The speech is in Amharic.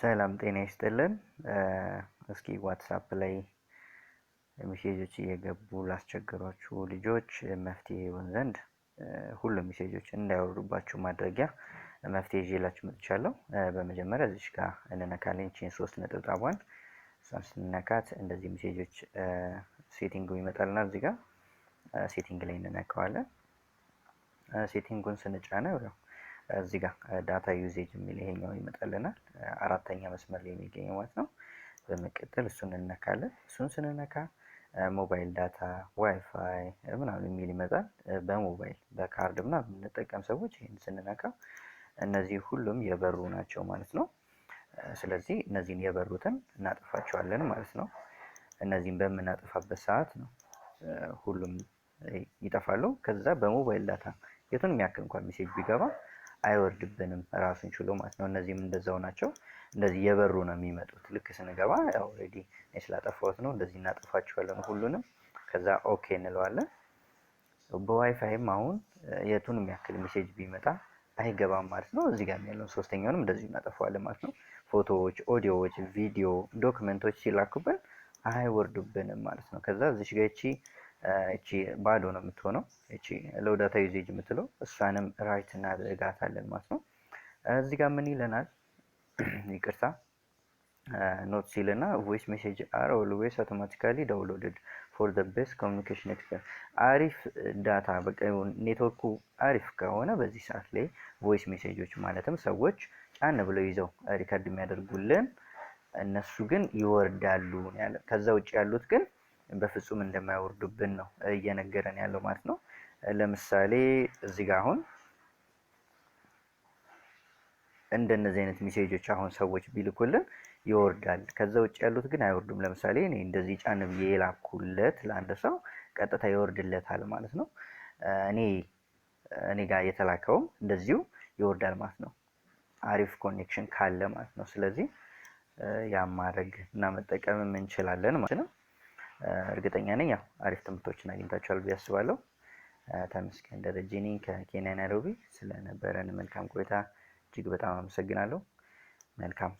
ሰላም ጤና ይስጥልን። እስኪ ዋትሳፕ ላይ ሚሴጆች እየገቡ ላስቸግሯችሁ ልጆች መፍትሄ ይሆን ዘንድ ሁሉም ሚሴጆች እንዳይወርዱባችሁ ማድረጊያ መፍትሄ ይዤላችሁ መጥቻለሁ። በመጀመሪያ እዚች ጋር እንነካለን ቺን ሶስት ነጥብጣቧን እሷን ስንነካት እንደዚህ ሚሴጆች ሴቲንጉ ይመጣልና እዚህ ጋር ሴቲንግ ላይ እንነካዋለን። ሴቲንጉን ስንጫነው ያው እዚህ ጋር ዳታ ዩዜጅ የሚል ይሄኛው ይመጣልናል። አራተኛ መስመር ላይ የሚገኘው ማለት ነው። በመቀጠል እሱን እንነካለን። እሱን ስንነካ ሞባይል ዳታ፣ ዋይፋይ ምናምን የሚል ይመጣል። በሞባይል በካርድ ምናምን የምንጠቀም ሰዎች ይህን ስንነካ እነዚህ ሁሉም የበሩ ናቸው ማለት ነው። ስለዚህ እነዚህን የበሩትን እናጠፋቸዋለን ማለት ነው። እነዚህን በምናጠፋበት ሰዓት ነው ሁሉም ይጠፋሉ። ከዛ በሞባይል ዳታ የቱን የሚያክል እንኳን ሜሴጅ ቢገባ አይወርድብንም ራሱን ችሎ ማለት ነው። እነዚህም እንደዛው ናቸው። እንደዚህ የበሩ ነው የሚመጡት። ልክ ስንገባ ኦልሬዲ ስላጠፋሁት ነው። እንደዚህ እናጠፋቸዋለን ሁሉንም። ከዛ ኦኬ እንለዋለን። በዋይፋይም አሁን የቱንም ያክል ሜሴጅ ቢመጣ አይገባም ማለት ነው። እዚህ ጋር ያለውን ሶስተኛውንም እንደዚህ እናጠፋዋለን ማለት ነው። ፎቶዎች፣ ኦዲዮዎች፣ ቪዲዮ፣ ዶክመንቶች ሲላኩብን አይወርዱብንም ማለት ነው። ከዛ እዚሽ ጋ ይቺ እቺ ባዶ ነው የምትሆነው። እቺ ለውዳታ ዩዜጅ የምትለው እሷንም ራይት እናደርጋታለን ማለት ነው። እዚህ ጋር ምን ይለናል? ይቅርታ ኖት ሲል እና ቮይስ ሜሴጅ አር ኦልዌይስ አውቶማቲካሊ ዳውንሎድድ ፎር ዘ ቤስት ኮሚኒኬሽን ኤክስፐርት። አሪፍ ዳታ በቃ ኔትወርኩ አሪፍ ከሆነ በዚህ ሰዓት ላይ ቮይስ ሜሴጆች ማለትም ሰዎች ጫን ብለው ይዘው ሪከርድ የሚያደርጉልን እነሱ ግን ይወርዳሉ። ከዛ ውጭ ያሉት ግን በፍጹም እንደማይወርዱብን ነው እየነገረን ያለው ማለት ነው። ለምሳሌ እዚህ ጋር አሁን እንደነዚህ አይነት ሜሴጆች አሁን ሰዎች ቢልኩልን ይወርዳል። ከዛ ውጭ ያሉት ግን አይወርዱም። ለምሳሌ እኔ እንደዚህ ጫን ብዬ የላኩለት ለአንድ ሰው ቀጥታ ይወርድለታል ማለት ነው። እኔ እኔ ጋር የተላከውም እንደዚሁ ይወርዳል ማለት ነው። አሪፍ ኮኔክሽን ካለ ማለት ነው። ስለዚህ ያ እና መጠቀምም እንችላለን ማለት ነው። እርግጠኛ ነኝ ያው አሪፍ ትምህርቶችን አግኝታችኋል ብዬ አስባለሁ። ተመስገን ደረጀ ነኝ ከኬንያ ናይሮቢ። ስለነበረን መልካም ቆይታ እጅግ በጣም አመሰግናለሁ። መልካም